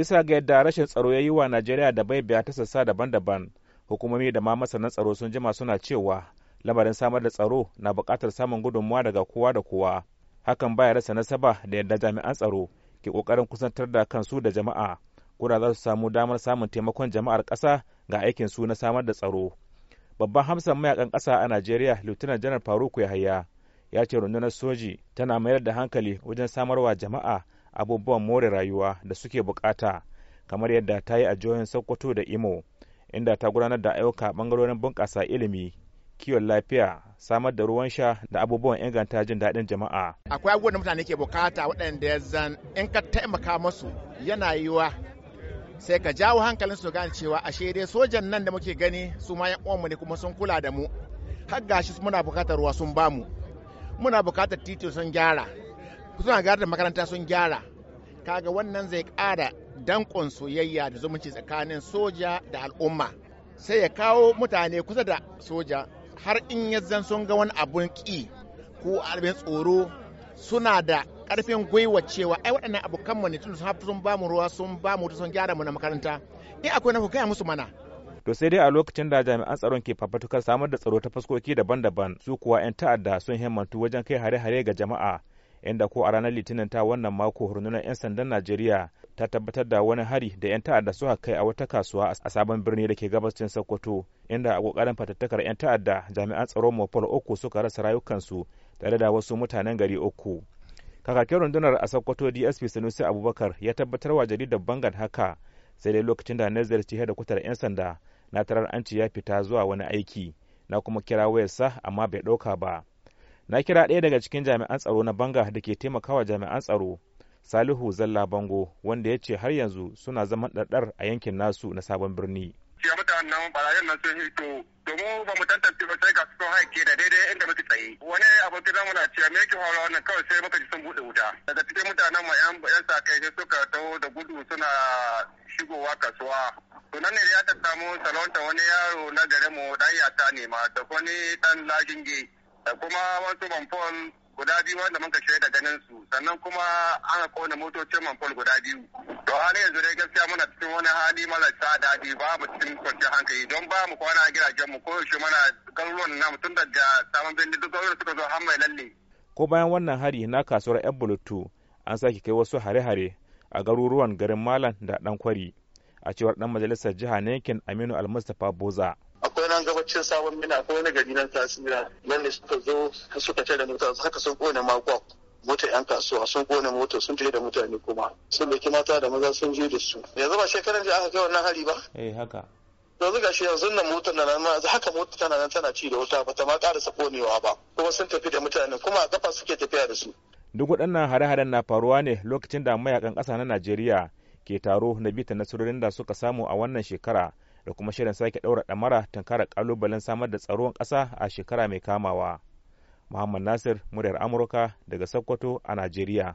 bisa ga yadda rashin tsaro ya yi wa najeriya da bai biya ta sassa daban-daban hukumomi da ma masanan tsaro sun jima suna cewa lamarin samar da tsaro na bukatar samun gudunmuwa daga kowa da kowa hakan baya rasa nasaba da yadda jami'an tsaro ke kokarin kusantar da kansu da jama'a kura za su samu damar samun taimakon jama'ar ƙasa ga aikin su na samar da tsaro babban hamsan mayakan ƙasa a najeriya lieutenant janar faruku yahaya ya ce rundunar soji tana mayar da hankali wajen samarwa jama'a abubuwan more rayuwa da suke bukata kamar yadda ta yi a jihohin sokoto da imo inda ta gudanar da ayyuka bangarorin bunƙasa ilimi kiwon lafiya samar da ruwan sha da abubuwan inganta jin daɗin jama'a akwai abubuwan da mutane ke bukata waɗanda ya zan in ka taimaka masu yana yiwa sai ka jawo hankalin su gane cewa ashe dai sojan nan da muke gani su ma yan uwanmu ne kuma sun kula da mu har gashi muna bukatar ruwa sun bamu muna bukatar titi sun gyara suna gara da makaranta sun gyara kaga wannan zai ƙara dankon soyayya da zumunci tsakanin soja da al'umma sai ya kawo mutane kusa da soja har in yazzan sun ga wani abun ki ko abin tsoro suna da karfin gwiwa cewa ai waɗannan abokan mu ne tun sun ba mu ruwa sun ba mu sun gyara mu na makaranta in akwai na ku gaya musu mana to sai dai a lokacin da jami'an tsaron ke fafatukar samar da tsaro ta fuskoki daban-daban su kuwa 'yan ta'adda sun himmantu wajen kai hare-hare ga jama'a inda ko a ranar litinin ta wannan mako rundunar 'yan sandan najeriya ta tabbatar da wani hari da 'yan ta'adda suka kai a wata kasuwa a sabon birni da ke gabashin sokoto inda a kokarin fatattakar 'yan ta'adda jami'an tsaro mopol uku suka rasa rayukansu tare da wasu mutanen gari uku kakakin rundunar a sokoto dsp sanusi abubakar ya tabbatar wa jaridar bangan haka sai dai lokacin da na ziyarci da kutar 'yan sanda na tarar an ya fita zuwa wani aiki na kuma kira wayarsa amma bai ɗauka ba na kira ɗaya daga cikin jami'an tsaro na banga da ke taimakawa jami'an tsaro salihu zalla bango wanda ya ce har yanzu suna zaman ɗaɗɗar a yankin nasu na sabon birni ya mutanen nan barayin nan sun hito domin ba mu tantance ba sai ga sun haike da daidai inda muke tsaye wani abokin zamu na cewa me yake faruwa wannan kawai sai muka ji sun bude wuta daga cikin mutanen mu yan yan sa sai suka taho da gudu suna shigowa kasuwa to nan ne ya ta samu salonta wani yaro na garinmu mu dan yata ne ma da wani dan laginge da kuma wasu manfol guda biyu wanda muka shaida ganin su sannan kuma ana kona motocin manfol guda biyu to har yanzu dai gaskiya muna cikin wani hali marasa daɗi ba mu cikin kwanciyar hankali don ba mu kwana a gidajen mu ko yaushe mana garuruwan namu tun daga samun bindi duk garuruwan suka zo har mai lalle ko bayan wannan hari na kasuwar yan bulutu an sake kai wasu hare-hare a garuruwan garin malam da dan kwari a cewar dan majalisar jiha na yankin aminu almustapha boza an gabacin sabon mina ko wani gari nan tasira nan ne suka zo suka tare mota haka sun kone makwa mota yan kasuwa sun kone mota sun tare da mutane kuma sun da mata da maza sun je da su yanzu ba shekaran da aka kai wannan hari ba eh haka yanzu ga shi yanzu nan motar nan yanzu haka motar tana nan tana ci da wuta ba ta ma karasa konewa ba kuma sun tafi da mutane kuma a kafa suke tafiya da su duk waɗannan hare-haren na faruwa ne lokacin da mayakan ƙasa na Najeriya ke taro na bita nasarorin da suka samu a wannan shekara da kuma shirin sake ɗaura ɗamara tunkarar ƙalubalen samar da tsaron ƙasa a shekara mai kamawa. Muhammad Nasir, muryar Amurka daga Sokoto a Najeriya.